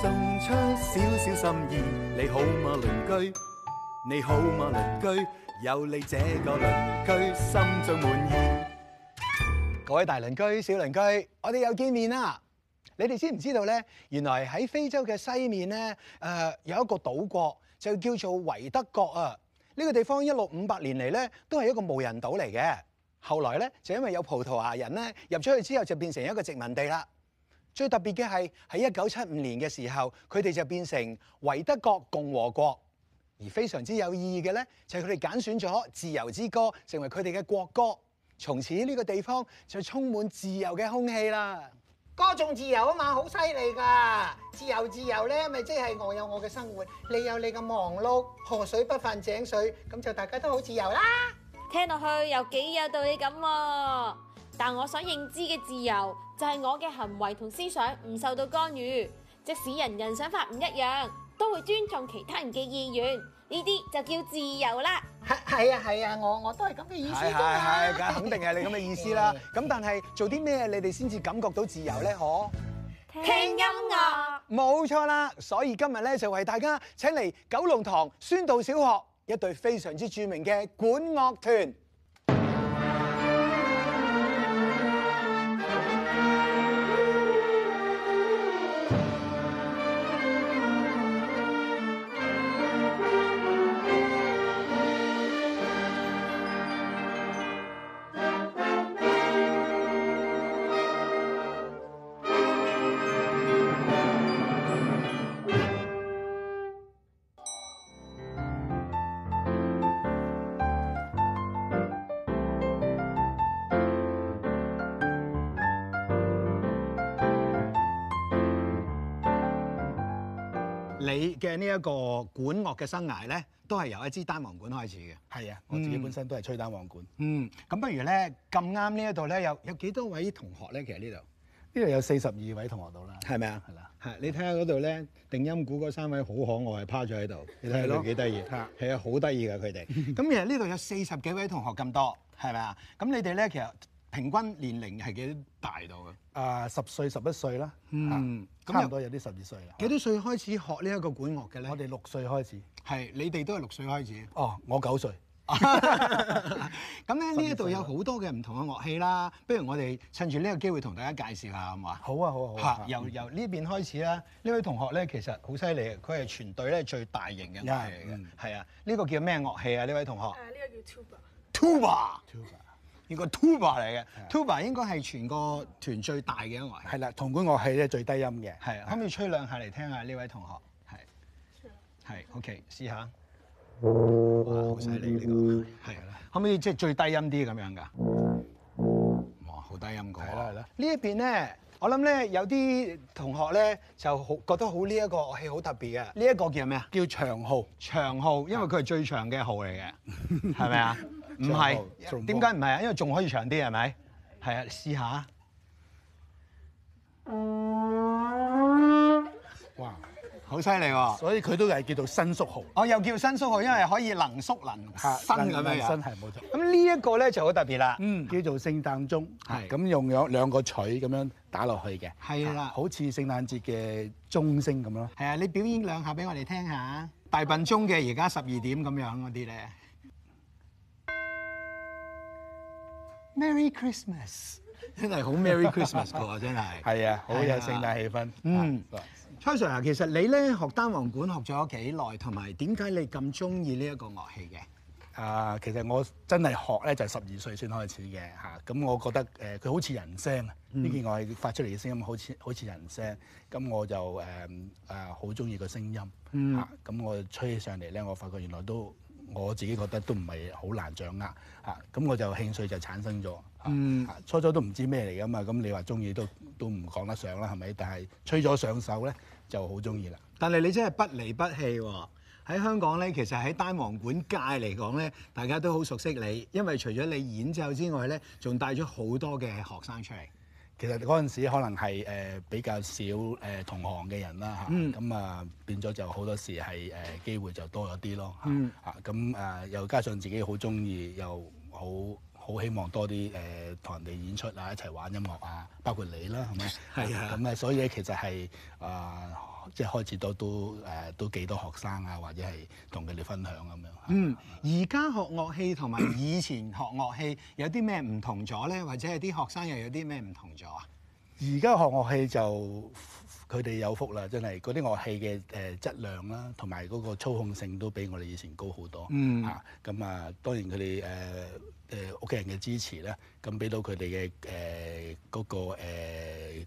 送出少少心意，你好嘛鄰居？你好嘛鄰居？有你這個鄰居，心中滿意。各位大鄰居、小鄰居，我哋又見面啦！你哋知唔知道呢？原來喺非洲嘅西面呢，誒，有一個島國就叫做維德國啊。呢個地方一六五百年嚟，呢，都係一個無人島嚟嘅。後來呢，就因為有葡萄牙人呢，入咗去之後，就變成一個殖民地啦。最特別嘅係喺一九七五年嘅時候，佢哋就變成維德國共和國，而非常之有意義嘅呢，就係佢哋揀選咗《自由之歌》成為佢哋嘅國歌。從此呢個地方就充滿自由嘅空氣啦。歌頌自由啊嘛，好犀利㗎！自由自由呢，咪即係我有我嘅生活，你有你嘅忙碌，河水不犯井水，咁就大家都好自由啦。聽落去又幾有道理咁喎。但我所認知嘅自由，就係我嘅行為同思想唔受到干預，即使人人想法唔一樣，都會尊重其他人嘅意願，呢啲就叫自由啦。係啊係啊，我我都係咁嘅意思。係係肯定係你咁嘅意思啦。咁但係做啲咩你哋先至感覺到自由呢？我聽音樂？冇錯啦，所以今日咧就為大家請嚟九龍塘宣道小學一隊非常之著名嘅管樂團。嘅呢一個管樂嘅生涯咧，都係由一支單簧管開始嘅。係啊的，嗯，我自己本身都係吹單簧管。嗯。咁不如咧，咁啱呢一度咧，有呢有幾多位同學咧？其實呢度呢度有四十二位同學到啦。係咪啊？係啦。係你睇下嗰度咧，定音鼓嗰三位好可愛，趴咗喺度。你睇下幾得意。係啊，好得意㗎佢哋。咁其實呢度有四十幾位同學咁多，係咪啊？咁你哋咧其實，平均年齡係幾大到嘅？啊，十歲、十一歲啦，嗯，差唔多有啲十二歲啦。幾多歲開始學呢一個管樂嘅咧？我哋六歲開始。係，你哋都係六歲開始。哦，我九歲。咁咧呢一度有好多嘅唔同嘅樂器啦，不如我哋趁住呢個機會同大家介紹下，好嘛？好啊，好啊，好。嚇！由由呢邊開始啦，呢位同學咧其實好犀利嘅，佢係全隊咧最大型嘅樂器嘅，係啊。呢個叫咩樂器啊？呢位同學？誒，呢個叫 tuba。tuba。呢個 tuba 嚟嘅，tuba 應該係全個團最大嘅一位。係啦，銅管樂器咧最低音嘅，可唔可以吹兩下嚟聽下呢位同學？係，係，OK，試下。哇，好犀利呢個，係啦。可唔可以即係最低音啲咁樣噶。哇，好低音㗎。係啦。呢一邊咧，我諗咧有啲同學咧就好覺得好呢一個樂器好特別嘅。呢一個叫咩啊？叫長號。長號，因為佢係最長嘅號嚟嘅，係咪啊？唔係，點解唔係啊？因為仲可以長啲，係咪？係啊，試下。哇，好犀利喎！所以佢都係叫做伸縮號。哦，又叫伸縮號，因為可以能縮能伸咁樣。伸，係冇錯。咁呢一個咧就好特別啦，叫做聖誕鐘，係咁用咗兩個錘咁樣打落去嘅，係啦，好似聖誕節嘅鐘聲咁咯。係啊，你表演兩下俾我哋聽下。大笨鐘嘅而家十二點咁樣嗰啲咧。Merry Christmas！真係好 Merry Christmas 個 真係。係 啊，好有聖誕氣氛。嗯，蔡 Sir 啊，Sir，其實你咧學單簧管學咗幾耐，同埋點解你咁中意呢一個樂器嘅？啊，其實我真係學咧就係十二歲先開始嘅嚇。咁、啊、我覺得誒，佢、呃、好似人聲啊，呢件、嗯、我係發出嚟嘅聲音好似好似人聲。咁我就誒誒好中意個聲音嚇。咁、啊、我吹起上嚟咧，我發覺原來都～我自己覺得都唔係好難掌握嚇，咁、啊、我就興趣就產生咗。啊、嗯，初初都唔知咩嚟㗎嘛，咁你話中意都都唔講得上啦，係咪？但係吹咗上手咧，就好中意啦。但係你真係不離不棄喎、哦！喺香港咧，其實喺單簧管界嚟講咧，大家都好熟悉你，因為除咗你演奏之外咧，仲帶咗好多嘅學生出嚟。其實嗰陣時可能係誒、呃、比較少誒、呃、同行嘅人啦嚇，咁、嗯、啊變咗就好多時係誒、呃、機會就多咗啲咯嚇，咁誒、嗯啊啊、又加上自己好鍾意又好。好希望多啲誒同人哋演出啊，一齊玩音樂啊，包括你啦，係咪？係啊。咁啊，所以咧，其實係啊、呃，即係開始都都誒、呃、都幾多學生啊，或者係同佢哋分享咁、啊、樣。嗯，而家學樂器同埋以前學樂器有啲咩唔同咗咧？或者係啲學生又有啲咩唔同咗啊？而家學樂器就佢哋有福啦，真係嗰啲樂器嘅誒質量啦，同埋嗰個操控性都比我哋以前高好多嗯、啊。嗯。嚇，咁啊，當然佢哋誒。呃誒屋企人嘅支持咧，咁俾到佢哋嘅誒嗰個、呃、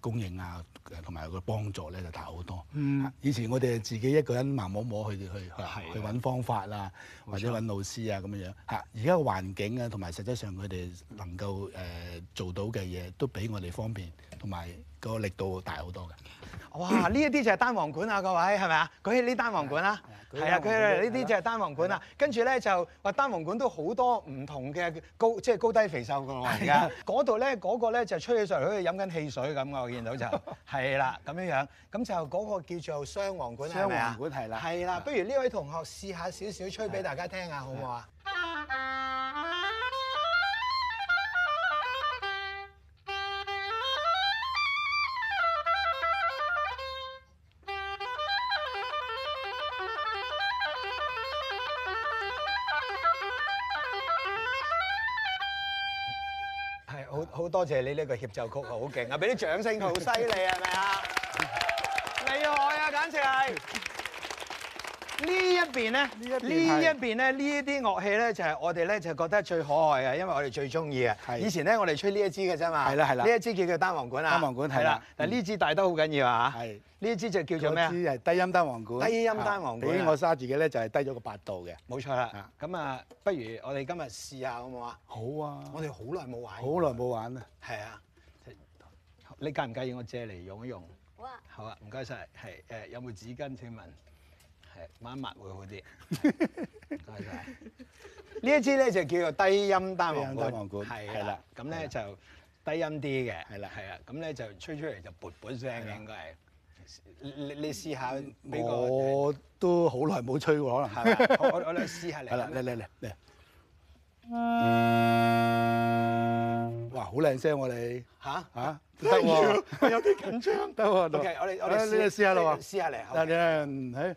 供應啊，同埋個幫助咧就大好多。嗯，以前我哋自己一個人盲摸摸去去的去揾方法啊，嗯、或者揾老師啊咁樣樣嚇。而家個環境啊，同埋實際上佢哋能夠誒、呃、做到嘅嘢，都比我哋方便同埋。個力度大好多嘅，哇！呢一啲就係單簧管啊，各位係咪啊？舉起呢單簧管啦，係啊，佢呢啲就係單簧管啦。跟住咧就話單簧管都好多唔同嘅高，即係高低肥瘦嘅喎。係啊，嗰度咧嗰個咧就吹起上嚟好似飲緊汽水咁嘅，我見到就係啦咁樣樣。咁就嗰個叫做雙簧管係咪啊？雙簧管係啦，係啦。不如呢位同學試下少少吹俾大家聽下，好唔好啊？好，好多謝你呢個協奏曲啊，好勁啊！俾啲掌聲，好犀利係咪啊？厲害啊，是是 簡直係！呢一邊咧，呢一邊咧，呢一啲樂器咧就係我哋咧就覺得最可愛嘅，因為我哋最中意嘅。以前咧我哋吹呢一支嘅啫嘛。係啦係啦，呢一支叫嘅單簧管啊。單簧管係啦，嗱呢支大得好緊要啊嚇。係，呢支就叫做咩啊？呢支係低音單簧管。低音單簧管。俾我揸住嘅咧就係低咗個八度嘅，冇錯啦。啊，咁啊，不如我哋今日試下好唔好啊？好啊！我哋好耐冇玩。好耐冇玩啦。係啊，你介唔介意我借嚟用一用？好啊。好啊，唔該晒。係誒，有冇紙巾請問？係，抹抹會好啲。多謝。呢一支咧就叫做低音單簧管，係啦。咁咧就低音啲嘅，係啦，係啦。咁咧就吹出嚟就撥撥聲嘅，應該係。你你試下呢個。我都好耐冇吹過啦。我我哋試下嚟。係啦，嚟嚟嚟嚟。哇！好靚聲喎你。嚇嚇。得喎。有啲緊張。得喎。O.K. 我哋我哋試下啦喎。試下嚟。嚟嚟嚟。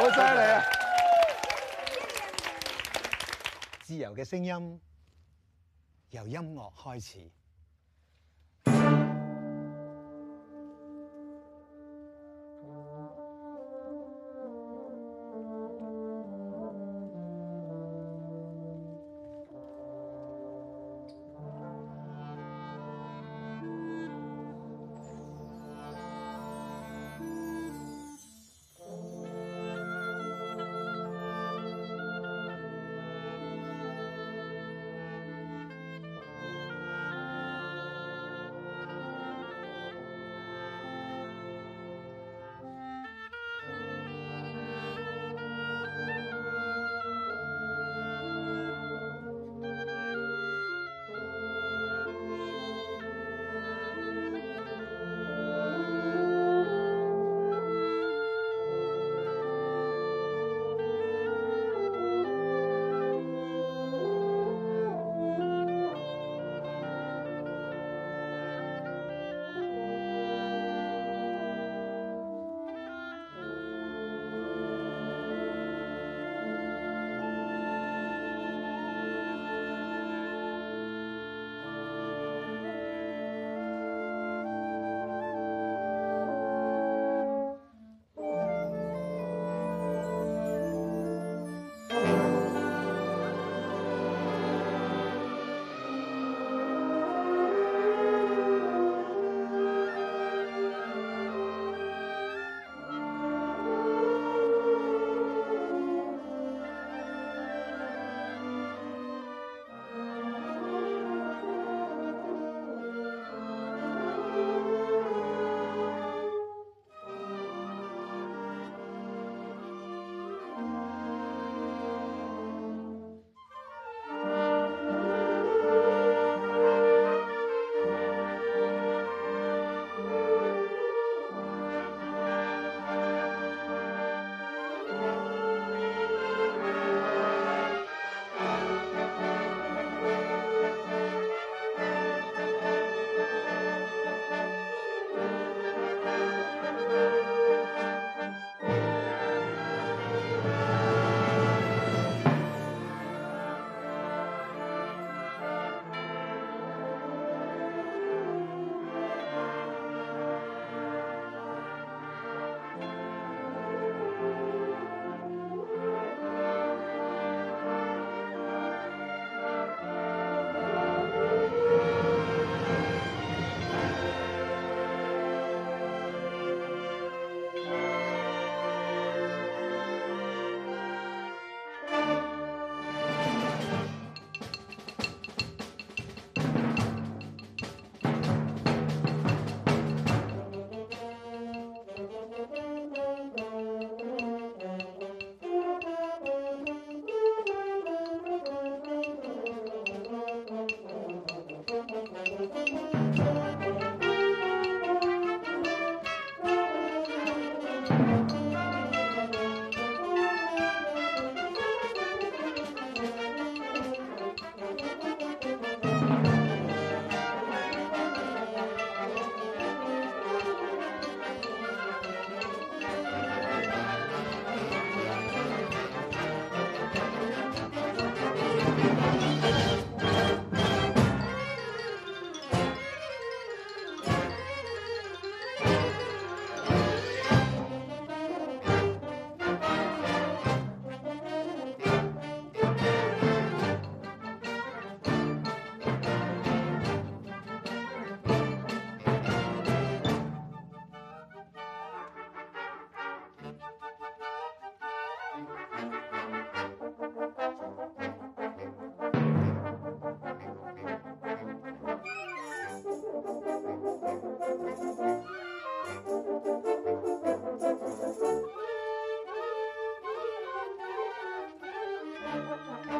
好犀利啊！自由嘅聲音，由音樂開始。